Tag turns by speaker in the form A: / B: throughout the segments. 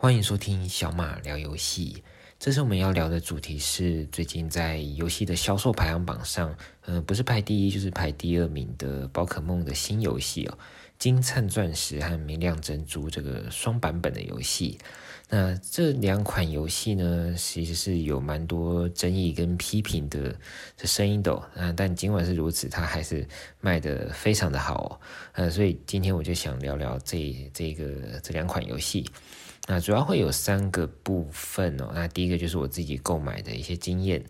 A: 歡迎收聽小馬聊遊戲。這次我們要聊的主題是最近在遊戲的銷售排行榜上，嗯、呃，不是排第一就是排第二名的寶可夢的新遊戲哦，《晶燦鑽石》和《明亮珍珠》這個雙版本的遊戲。那這兩款遊戲呢，其實是有蠻多爭議跟批評的聲音的啊、哦。但儘管是如此，它還是賣得非常的好哦。嗯、呃，所以今天我就想聊聊這這個這兩款遊戲。那主要會有三個部分哦。那第一個就是我自己購買的一些經驗，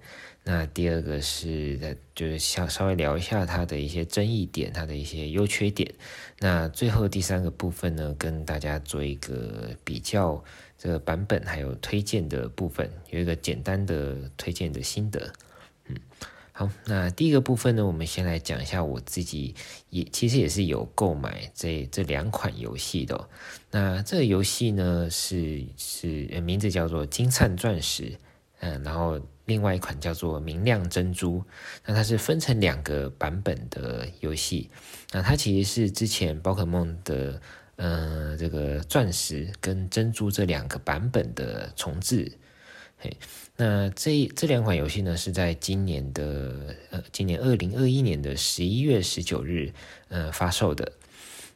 A: 那第二個是就是想稍微聊一下它的一些爭議點，它的一些優缺點。那最後第三個部分呢，跟大家做一個比較這個版本，還有推薦的部分，有一個簡單的推薦的心得，嗯。好，那第一個部分呢，我們先來講一下，我自己也其實也是有購買這這兩款遊戲的、喔。那這個遊戲呢是是、呃、名字叫做《晶燦鑽石》呃，嗯，然後另外一款叫做《明亮珍珠》。那它是分成兩個版本的遊戲，那它其實是之前寶可夢的嗯、呃、這個鑽石跟珍珠這兩個版本的重置。嘿。那這這兩款遊戲呢，是在今年的呃，今年二零二一年的十一月十九日，呃，發售的。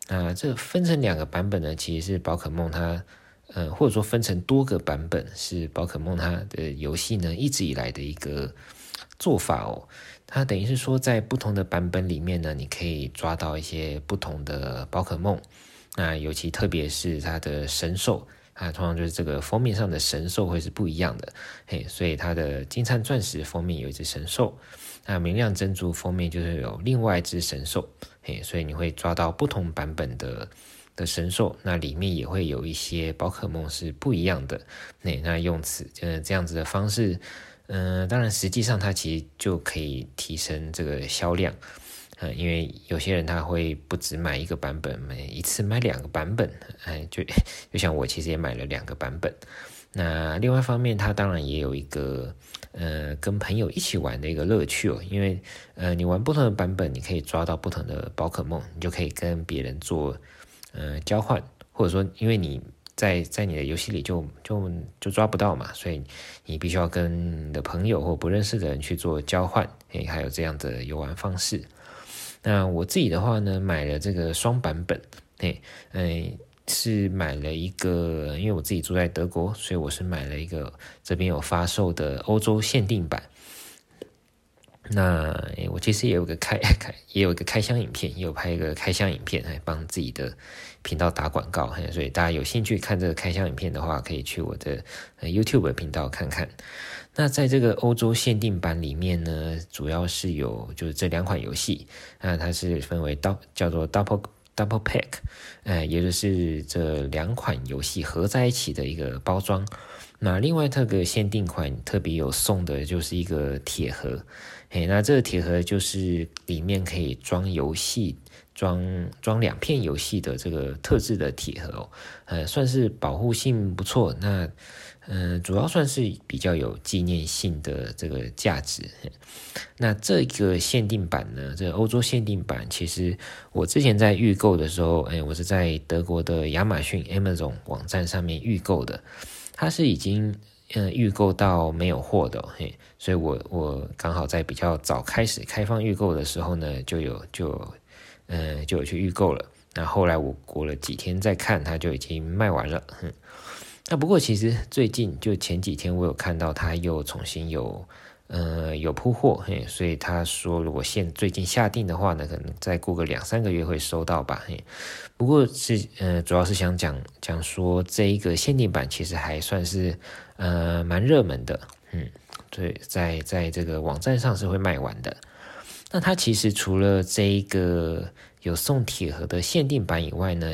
A: 那、呃、這分成兩個版本呢，其實是寶可夢它，呃，或者說分成多個版本是寶可夢它的遊戲呢一直以來的一個做法哦。它等於是說，在不同的版本裡面呢，你可以抓到一些不同的寶可夢。那、呃、尤其特別是它的神獸。啊，通常就是這個封面上的神獸會是不一樣的，嘿，所以它的晶燦鑽石封面有一隻神獸，那明亮珍珠封面就是有另外一隻神獸，嘿，所以你會抓到不同版本的的神獸，那裡面也會有一些寶可夢是不一樣的，那那用此就是這樣子的方式，嗯、呃，當然實際上它其實就可以提升這個銷量。因為有些人他會不止買一個版本，每一次買兩個版本，哎，就就像我其實也買了兩個版本。那另外一方面，他當然也有一個呃跟朋友一起玩的一個樂趣哦，因為呃你玩不同的版本，你可以抓到不同的寶可夢，你就可以跟別人做呃交換，或者說因為你在在你的遊戲裡就就就抓不到嘛，所以你必須要跟你的朋友或不認識的人去做交換，哎，還有這樣的遊玩方式。那我自己的話呢，買了這個雙版本，嘿，呃，是買了一個，因為我自己住在德國，所以我是買了一個這邊有發售的歐洲限定版。那我其實也有個開開也有一個開箱影片，也有拍一個開箱影片，幫自己的頻道打廣告。所以大家有興趣看這個開箱影片的話，可以去我的，呃，YouTube 頻道看看。那在這個歐洲限定版裡面呢，主要是有就是這兩款遊戲啊，呃，它是分為 Dub，叫做 Double Double Pack，呃，也就是這兩款遊戲合在一起的一個包裝。那另外這個限定款特別有送的就是一個鐵盒。誒，那這個鐵盒就是裡面可以裝遊戲，裝裝兩片遊戲的這個特制的鐵盒，哦，呃，算是保護性不錯。那，嗯、呃，主要算是比較有紀念性的這個價值。那這個限定版呢，這個歐洲限定版，其實我之前在預購的時候，哎、欸，我是在德國的亞馬遜 Amazon 網站上面預購的，它是已經，嗯，預購到沒有貨的，嘿，所以我我剛好在比較早開始開放預購的時候呢，就有就，呃，就有去預購了。那後來我過了幾天再看，它就已經賣完了，哼。那不過其實最近就前幾天我有看到它又重新有，呃，有鋪貨，嘿，所以他說如果現最近下定的話呢，可能再過個兩三個月會收到吧，嘿。不過是，嗯、呃，主要是想講講說這一個限定版其實還算是。呃，蠻熱門的，嗯，對，在在這個網站上是會賣完的。那它其實除了這一個有送鐵盒的限定版以外呢，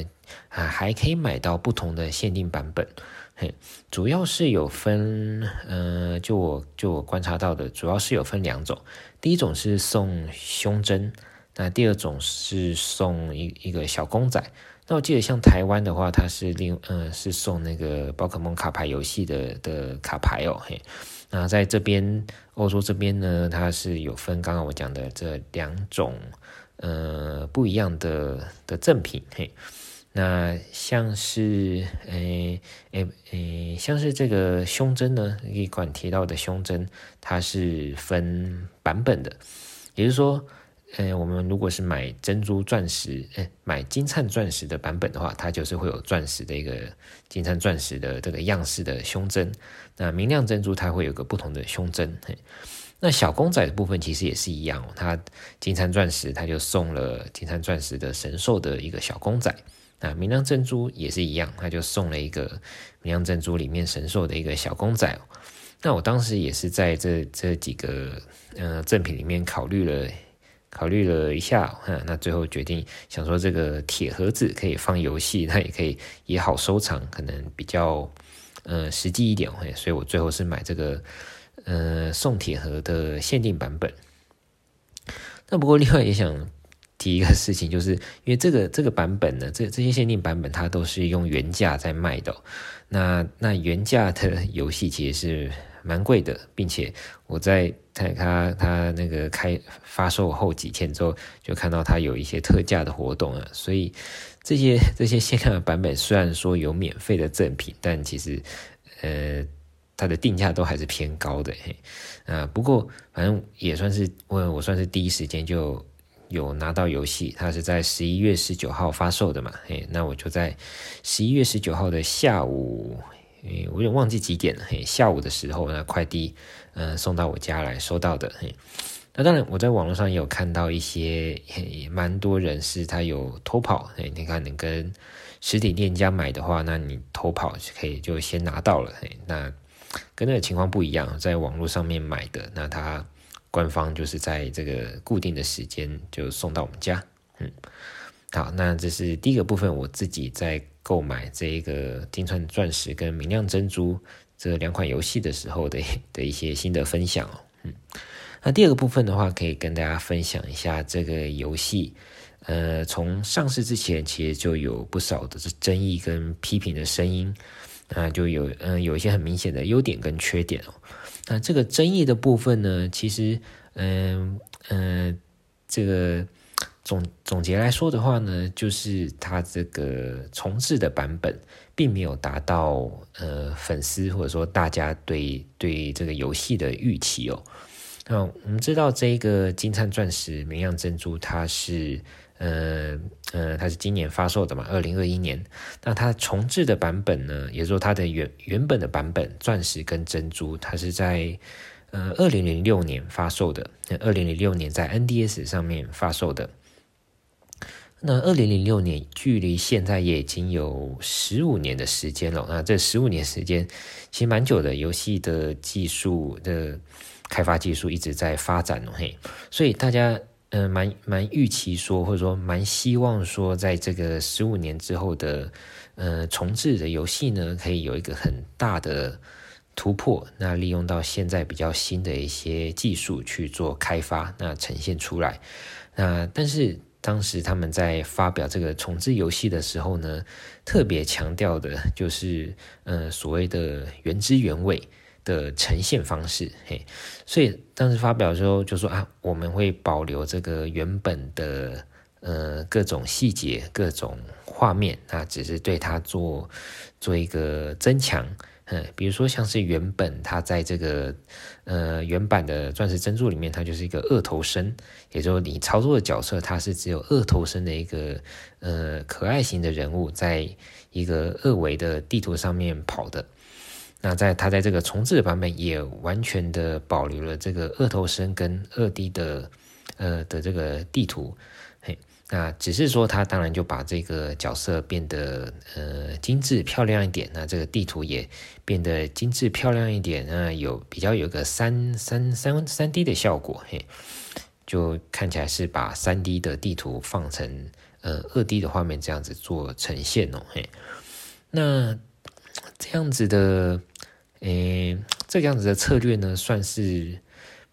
A: 啊，還可以買到不同的限定版本。嘿，主要是有分，嗯、呃，就我就我觀察到的，主要是有分兩種。第一種是送胸針，那第二種是送一一個小公仔。那我記得像台灣的話，它是另，呃，是送那個寶可夢卡牌遊戲的的卡牌哦。嘿，那在這邊，歐洲這邊呢，它是有分剛剛我講的這兩種，呃，不一樣的的贈品。嘿，那像是，誒、欸，誒、欸，誒、欸，像是這個胸針呢，你剛剛提到的胸針，它是分版本的，也就是說。嗯、欸，我們如果是買珍珠鑽石，哎、欸，買晶燦鑽石的版本的話，它就是會有鑽石的一個晶燦鑽石的這個樣式的胸針。那明亮珍珠它會有個不同的胸針。那小公仔的部分其實也是一樣，哦，它晶燦鑽石它就送了晶燦鑽石的神獸的一個小公仔。那明亮珍珠也是一樣，它就送了一個明亮珍珠裡面神獸的一個小公仔。那我當時也是在這這幾個呃贈品裡面考慮了。考慮了一下，哈，那最後決定想說這個鐵盒子可以放遊戲，它也可以也好收藏，可能比較嗯、呃、實際一點，嘿，所以我最後是買這個嗯、呃、送鐵盒的限定版本。那不過另外也想提一個事情，就是因為這個這個版本呢，這這些限定版本它都是用原價在賣的，那那原價的遊戲其實是。蠻貴的，並且我在它它它那個開發售後幾天之後，就看到它有一些特價的活動了。所以這些這些限量的版本雖然說有免費的贈品，但其實呃它的定價都還是偏高的，欸。呃，不過反正也算是我我算是第一時間就有拿到遊戲，它是在十一月十九號發售的嘛。嘿，欸，那我就在十一月十九號的下午。嗯、欸，我有點忘記幾點了。嘿下午的時候呢，快遞嗯、呃、送到我家來收到的。嘿，那當然，我在網絡上也有看到一些，嘿，蠻多人是他有偷跑。嘿，你看，你跟實體店家買的話，那你偷跑就可以就先拿到了。嘿，那跟那個情況不一樣，在網絡上面買的，那他官方就是在這個固定的時間就送到我們家。嗯，好，那這是第一個部分，我自己在。購買這一個《晶燦鑽石》跟《明亮珍珠》這兩款遊戲的時候的的一些心得分享哦，嗯，那第二個部分的話，可以跟大家分享一下這個遊戲，呃，從上市之前其實就有不少的爭議跟批評的聲音，啊、呃，就有嗯、呃、有一些很明顯的優點跟缺點哦，那這個爭議的部分呢，其實嗯嗯、呃呃，這個。總總結來說的話呢，就是它這個重製的版本並沒有達到呃粉絲或者說大家對對這個遊戲的預期哦。那我們知道這個晶燦鑽石、明亮珍珠，它是呃呃，它是今年發售的嘛？二零二一年。那它重製的版本呢，也就是它的原原本的版本，鑽石跟珍珠，它是在呃二零零六年發售的，二零零六年在 NDS 上面發售的。那二零零六年，距離現在也已經有十五年的時間了。那這十五年時間其實蠻久的，遊戲的技術的開發技術一直在發展，嘿。所以大家嗯、呃，蠻蠻預期說，或者說蠻希望說，在這個十五年之後的呃重製的遊戲呢，可以有一個很大的突破。那利用到現在比較新的一些技術去做開發，那呈現出來。那但是。當時他們在發表這個重製遊戲的時候呢，特別強調的就是，呃，所謂的原汁原味的呈現方式，嘿，所以當時發表的時候就說啊，我們會保留這個原本的，呃，各種細節、各種畫面，那、啊、只是對它做做一個增強。嗯，比如說像是原本它在這個呃原版的《鑽石珍珠》裡面，它就是一個二頭身，也就是說你操作的角色它是只有二頭身的一個呃可愛型的人物，在一個二維的地圖上面跑的。那在它在這個重製的版本也完全的保留了這個二頭身跟二 D 的呃的這個地圖。那只是說，他當然就把這個角色變得呃精緻漂亮一點，那這個地圖也變得精緻漂亮一點，那有比較有個三三三三 D 的效果嘿，就看起來是把三 D 的地圖放成呃二 D 的畫面這樣子做呈現哦嘿，那這樣子的誒、欸、這樣子的策略呢，算是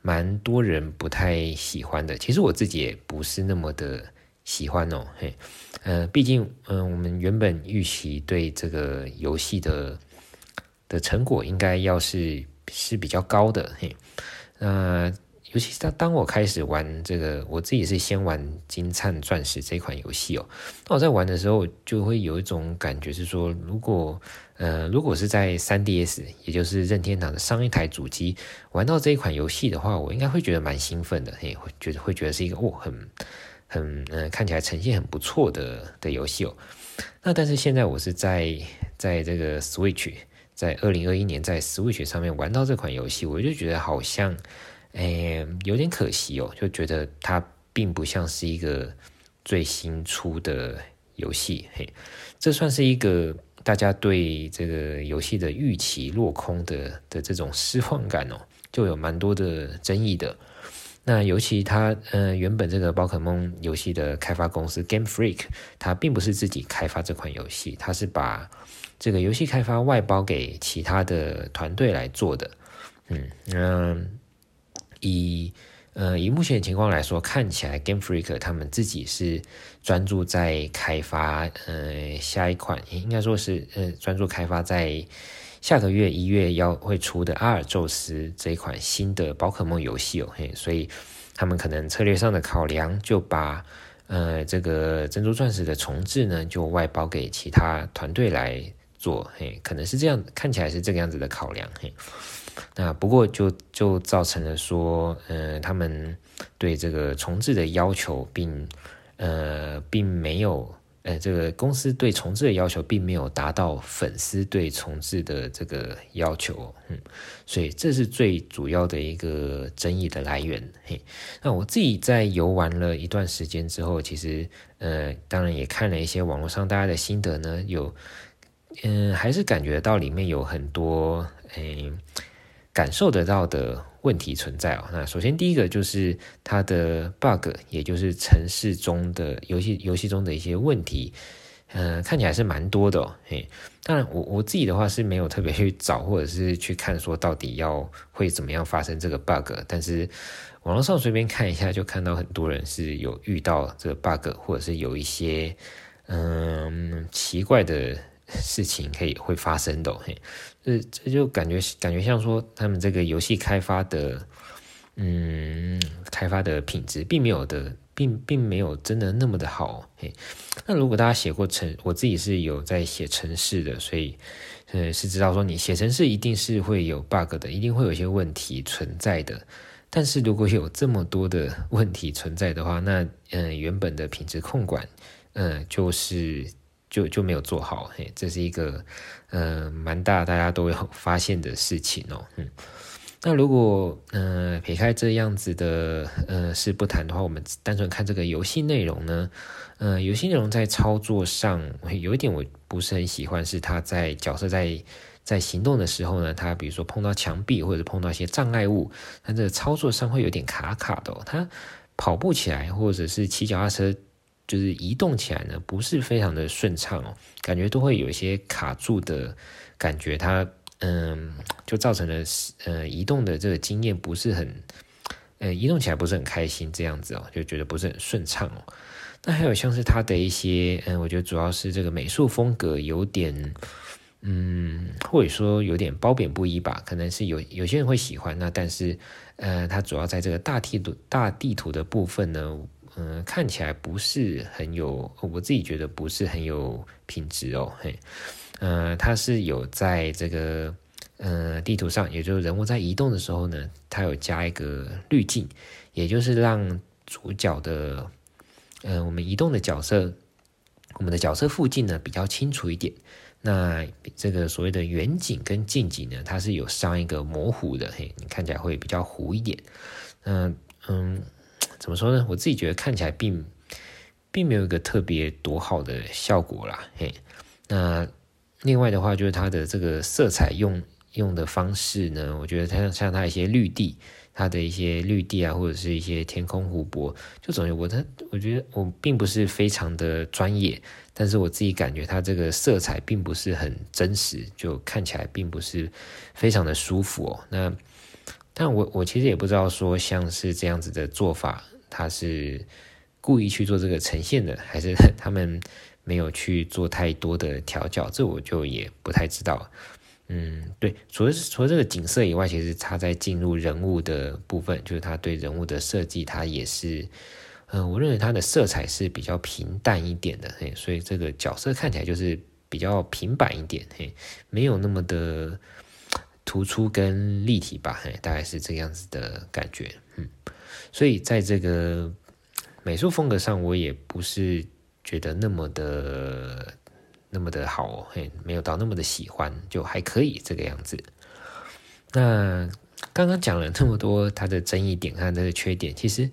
A: 蠻多人不太喜歡的，其實我自己也不是那麼的。喜歡哦，嘿，呃，畢竟，嗯、呃，我們原本預期對這個遊戲的的成果應該要是是比較高的，嘿，呃，尤其是當我開始玩這個，我自己是先玩《晶燦鑽石》這款遊戲哦，那我在玩的時候就會有一種感覺是說，如果，呃，如果是在 3DS，也就是任天堂的上一台主機玩到這一款遊戲的話，我應該會覺得蠻興奮的，嘿，會覺得會覺得是一個哦，很。很嗯、呃，看起來呈現很不錯的的遊戲哦。那但是現在我是在在這個 Switch，在二零二一年在 Switch 上面玩到這款遊戲，我就覺得好像，誒、欸，有點可惜哦，就覺得它並不像是一個最新出的遊戲。嘿，這算是一個大家對這個遊戲的預期落空的的這種失望感哦，就有蠻多的爭議的。那尤其他，呃，原本這個寶可夢遊戲的開發公司 Game Freak，它並不是自己開發這款遊戲，它是把這個遊戲開發外包給其他的團隊來做的。嗯，那，呃，以呃以目前的情況來說，看起來 Game Freak 他們自己是專注在開發，呃，下一款應該說是呃專注開發在。下個月一月要會出的阿爾宙斯這一款新的寶可夢遊戲哦嘿，所以他們可能策略上的考量就把呃這個珍珠鑽石的重置呢就外包給其他團隊來做嘿，可能是這樣，看起來是這個樣子的考量嘿，那不過就就造成了說呃他們對這個重置的要求並呃並沒有。呃，這個公司對重置的要求並沒有達到粉絲對重置的這個要求，哦，嗯，所以這是最主要的一個爭議的來源。嘿，那我自己在遊玩了一段時間之後，其實呃，當然也看了一些網絡上大家的心得呢，有，嗯、呃，還是感覺到裡面有很多，嗯、呃感受得到的問題存在哦。那首先第一個就是它的 bug，也就是程式中的遊戲遊戲中的一些問題，嗯、呃，看起來是蠻多的哦。嘿，當然我我自己的話是沒有特別去找或者是去看說到底要會怎麼樣發生這個 bug，但是網絡上隨便看一下就看到很多人是有遇到這個 bug，或者是有一些嗯、呃、奇怪的。事情可以會發生的，哦，嘿，這這就感覺感覺像說他們這個遊戲開發的嗯，開發的品質並沒有的，並並沒有真的那麼的好嘿。那如果大家寫過程，我自己是有在寫程式的，所以嗯、呃、是知道說你寫程式一定是會有 bug 的，一定會有些問題存在的。但是如果有這麼多的問題存在的話，那嗯、呃、原本的品質控管嗯、呃、就是。就就沒有做好，嘿，這是一個呃蠻大大家都會發現的事情哦，嗯，那如果嗯撇開這樣子的呃事不談的話，我們單純看這個遊戲內容呢，呃遊戲內容在操作上有一點我不是很喜歡，是他在角色在在行動的時候呢，他比如說碰到牆壁或者碰到一些障礙物，但這個操作上會有點卡卡的哦，他跑步起來或者是騎腳踏車，就是移動起來呢，不是非常的順暢哦，感覺都會有一些卡住的感覺，它嗯，就造成了呃移動的這個經驗不是很，呃移動起來不是很開心這樣子哦，就覺得不是很順暢哦。那還有像是它的一些嗯，我覺得主要是這個美術風格有點嗯，或者說有點褒貶不一吧，可能是有有些人會喜歡，那但是呃，它主要在這個大地圖大地圖的部分呢。嗯、呃，看起來不是很有，我自己覺得不是很有品質哦。嘿，嗯、呃，它是有在這個，嗯、呃，地圖上，也就是人物在移動的時候呢，它有加一個濾鏡，也就是讓主角的，嗯、呃，我們移動的角色，我們的角色附近呢比較清楚一點。那這個所謂的遠景跟近景呢，它是有上一個模糊的，嘿，你看起來會比較糊一點。嗯、呃、嗯。怎麼說呢？我自己覺得看起來並並沒有一個特別多好的效果啦。嘿，那另外的話就是它的這個色彩用用的方式呢，我覺得它像它一些綠地，它的一些綠地啊，或者是一些天空湖泊，就總覺我它我覺得我並不是非常的專業，但是我自己感覺它這個色彩並不是很真實，就看起來並不是非常的舒服哦。那但我我其實也不知道說像是這樣子的做法。他是故意去做這個呈現的，還是他們沒有去做太多的調教？這我就也不太知道。嗯，對，除了除了這個景色以外，其實他在進入人物的部分，就是他對人物的設計，他也是，嗯、呃，我認為他的色彩是比較平淡一點的，嘿，所以這個角色看起來就是比較平板一點，嘿，沒有那麼的突出跟立體吧，嘿，大概是這個樣子的感覺，嗯。所以在這個美術風格上，我也不是覺得那麼的那麼的好，嘿，沒有到那麼的喜歡，就還可以這個樣子。那剛剛講了那麼多它的爭議點和它的缺點，其實，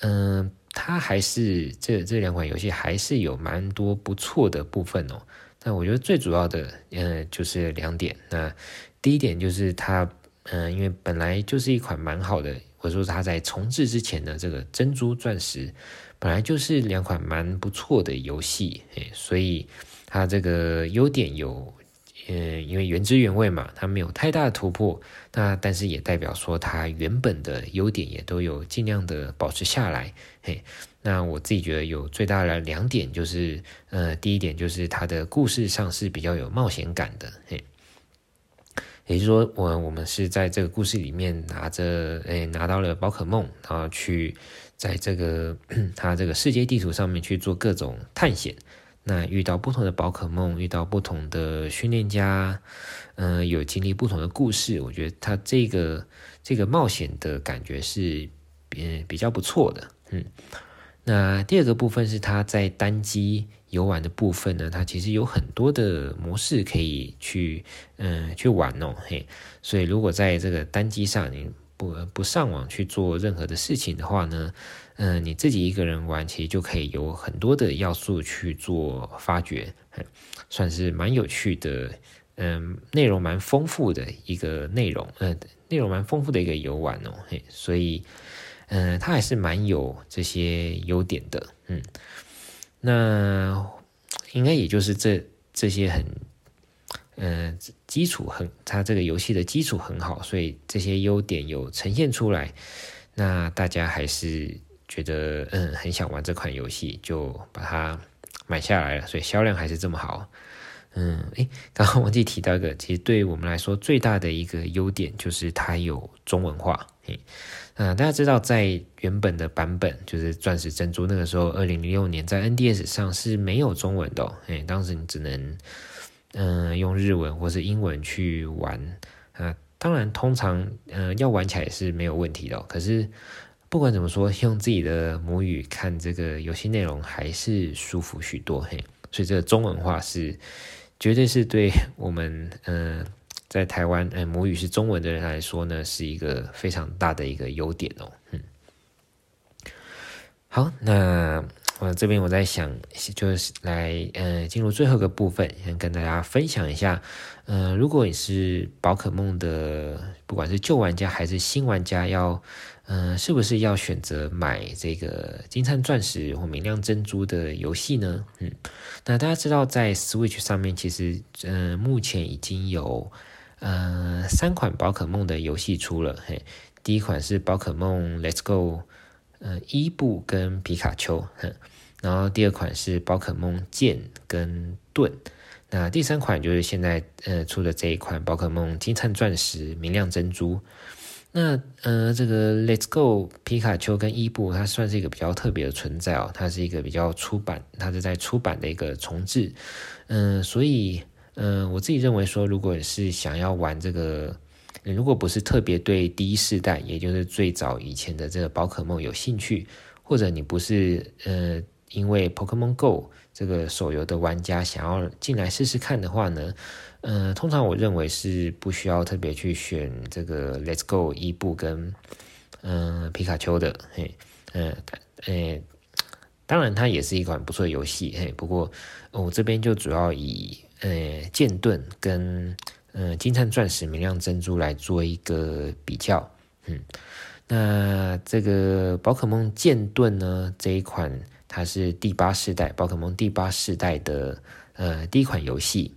A: 嗯，它還是這這兩款遊戲還是有蠻多不錯的部分哦。但我覺得最主要的，嗯，就是兩點。那第一點就是它，嗯，因為本來就是一款蠻好的。或者說他在重置之前的這個《珍珠鑽石》本來就是兩款蠻不錯的遊戲，嘿，所以它這個優點有，嗯、呃，因為原汁原味嘛，它沒有太大的突破，那但是也代表說它原本的優點也都有盡量的保持下來，嘿，那我自己覺得有最大的兩點就是，呃，第一點就是它的故事上是比較有冒險感的，嘿。也就是說，我我們是在這個故事裡面拿着，誒、哎、拿到了寶可夢，然後去在這個他這個世界地圖上面去做各種探險。那遇到不同的寶可夢，遇到不同的訓練家，嗯、呃，有經歷不同的故事，我覺得他這個這個冒險的感覺是，嗯比較不錯的。嗯，那第二個部分是他在單機。遊玩的部分呢，它其實有很多的模式可以去嗯、呃、去玩哦嘿，所以如果在這個單機上你不不上網去做任何的事情的話呢，嗯、呃、你自己一個人玩其實就可以有很多的要素去做發掘，算是蠻有趣的嗯、呃、內容蠻豐富的一個內容嗯、呃、內容蠻豐富的一個遊玩哦嘿，所以嗯、呃、它還是蠻有這些優點的嗯。那應該也就是這這些很，嗯、呃，基礎很，它這個遊戲的基礎很好，所以這些優點有呈現出來，那大家還是覺得嗯很想玩這款遊戲，就把它買下來了，所以銷量還是這麼好。嗯，誒，剛剛忘記提到一個，其實對於我們來說最大的一個優點就是它有中文化，嘿。啊、呃，大家知道，在原本的版本就是鑽石珍珠那個時候，二零零六年在 NDS 上是沒有中文的、哦嘿。當時你只能嗯、呃、用日文或是英文去玩。啊、呃，當然通常嗯、呃、要玩起來也是沒有問題的、哦。可是不管怎麼說，用自己的母語看這個遊戲內容還是舒服許多。嘿，所以這個中文化是絕對是對我們嗯。呃在台灣，呃、哎，母語是中文的人來說呢，是一個非常大的一個優點哦。嗯，好，那這邊我這邊我在想，就是來，呃，進入最後一個部分，想跟大家分享一下，呃，如果你是寶可夢的，不管是舊玩家還是新玩家，要，嗯、呃，是不是要選擇買這個晶燦鑽石或明亮珍珠的遊戲呢？嗯，那大家知道，在 Switch 上面，其實，嗯、呃，目前已經有。呃，三款寶可夢的遊戲出了，嘿，第一款是寶可夢 Let's Go，呃，伊布跟皮卡丘，哼，然後第二款是寶可夢劍跟盾，那第三款就是現在呃出的這一款寶可夢晶燦鑽石明亮珍珠。那呃，這個 Let's Go 皮卡丘跟伊布，它算是一個比較特別的存在哦，它是一個比較出版，它是在出版的一個重製，嗯、呃，所以。嗯、呃，我自己認為說，如果是想要玩這個，呃、如果不是特別對第一世代，也就是最早以前的這個寶可夢有興趣，或者你不是呃因為 Pokémon Go 這個手遊的玩家想要進來試試看的話呢，嗯、呃，通常我認為是不需要特別去選這個 Let's Go 伊布跟嗯、呃、皮卡丘的，嘿，嗯、呃，呃，當然它也是一款不錯的遊戲，嘿，不過、呃、我這邊就主要以。欸、呃，劍盾跟呃晶燦鑽石、明亮珍珠來做一個比較，嗯，那這個寶可夢劍盾呢，這一款它是第八世代寶可夢第八世代的呃第一款遊戲，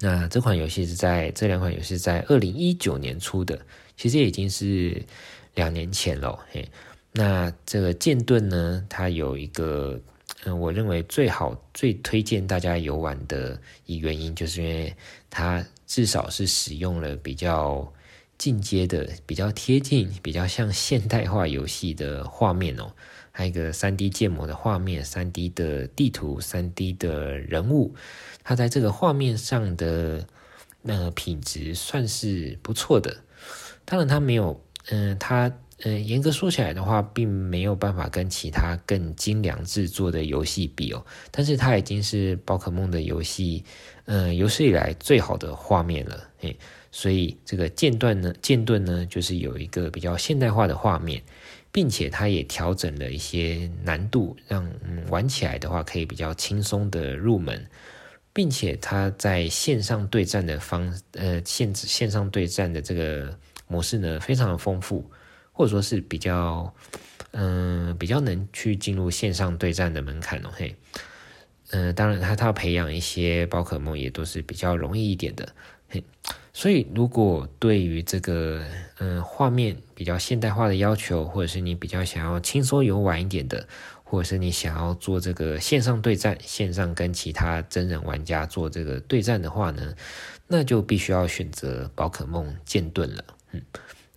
A: 那這款遊戲是在這兩款遊戲在二零一九年出的，其實已經是兩年前了，嘿、欸，那這個劍盾呢，它有一個。嗯，我認為最好、最推薦大家遊玩的一個原因，就是因為它至少是使用了比較進階的、比較貼近、比較像現代化遊戲的畫面哦、喔。還有一個三 D 建模的畫面、三 D 的地圖、三 D 的人物，它在這個畫面上的那個品質算是不錯的。當然，它沒有，嗯，它。嗯、呃，嚴格說起來的話，並沒有辦法跟其他更精良制作的遊戲比哦。但是它已經是寶可夢的遊戲，嗯、呃，有史以來最好的畫面了。嘿，所以這個劍盾呢，劍盾呢，就是有一個比較現代化的畫面，並且它也調整了一些難度，讓、嗯、玩起來的話可以比較輕鬆的入門，並且它在線上對戰的方，呃，線線上對戰的這個模式呢，非常的豐富。或者說是比較，嗯、呃，比較能去進入線上對戰的門檻了，哦，嘿，嗯、呃，當然他，它它要培養一些寶可夢也都是比較容易一點的，嘿，所以如果對於這個嗯、呃、畫面比較現代化的要求，或者是你比較想要輕鬆遊玩一點的，或者是你想要做這個線上對戰，線上跟其他真人玩家做這個對戰的話呢，那就必須要選擇寶可夢劍盾了，嗯。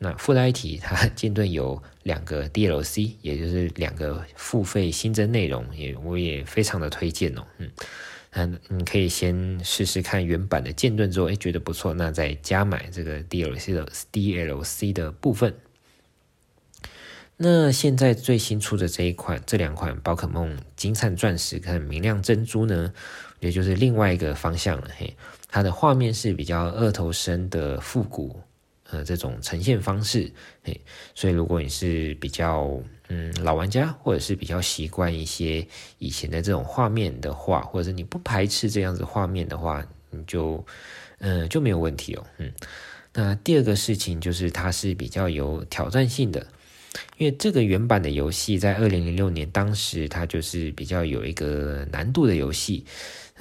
A: 那附帶一提，它劍盾有兩個 DLC，也就是兩個付費新增內容，也我也非常的推薦哦。嗯，嗯，你可以先試試看原版的劍盾之後，哎、欸，覺得不錯，那再加買這個 DLC 的 DLC 的部分。那現在最新出的這一款，這兩款寶可夢晶燦鑽石跟明亮珍珠呢，也就是另外一個方向了。嘿，它的畫面是比較二頭身的復古。呃、這種呈現方式，嘿，所以如果你是比較嗯老玩家，或者是比較習慣一些以前的這種畫面的話，或者是你不排斥這樣子畫面的話，你就嗯、呃、就沒有問題哦，嗯。那第二個事情就是它是比較有挑戰性的，因為這個原版的遊戲在二零零六年當時它就是比較有一個難度的遊戲。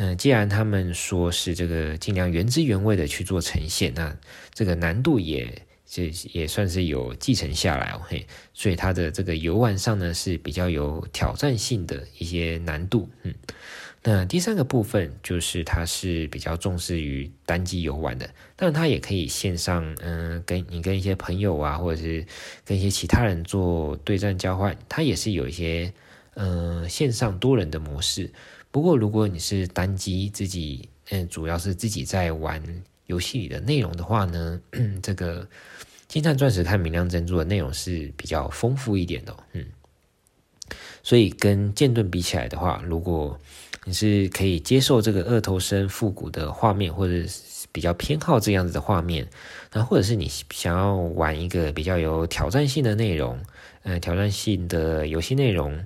A: 嗯，既然他們說是這個盡量原汁原味的去做呈現，那這個難度也這也算是有繼承下來、哦、嘿，所以他的這個遊玩上呢是比較有挑戰性的一些難度。嗯，那第三個部分就是他是比較重視於單機遊玩的，但他也可以線上嗯、呃、跟你跟一些朋友啊，或者是跟一些其他人做對戰交換，他也是有一些嗯、呃、線上多人的模式。不過，如果你是單機自己，嗯、呃，主要是自己在玩遊戲裡的內容的話呢，這個晶燦鑽石太明亮珍珠的內容是比較豐富一點的、哦，嗯，所以跟劍盾比起來的話，如果你是可以接受這個二頭身復古的畫面，或者是比較偏好這樣子的畫面，那或者是你想要玩一個比較有挑戰性的內容，嗯、呃、挑戰性的遊戲內容。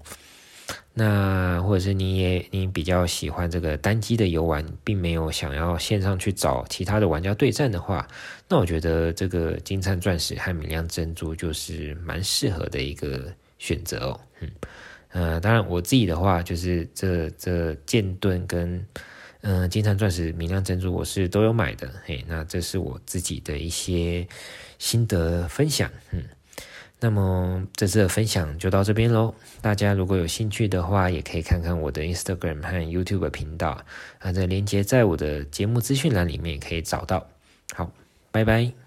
A: 那或者是你也你比較喜歡這個單機的遊玩，並沒有想要線上去找其他的玩家對戰的話，那我覺得這個晶燦鑽石和明亮珍珠就是蠻適合的一個選擇哦。嗯，呃，當然我自己的話，就是這這劍盾跟嗯、呃、晶燦鑽石、明亮珍珠，我是都有買的。嘿，那這是我自己的一些心得分享。嗯。那麼，這次的分享就到這邊嘍。大家如果有興趣的話，也可以看看我的 Instagram 和 YouTube 頻道啊，在連接在我的節目資訊欄裡面也可以找到。好，拜拜。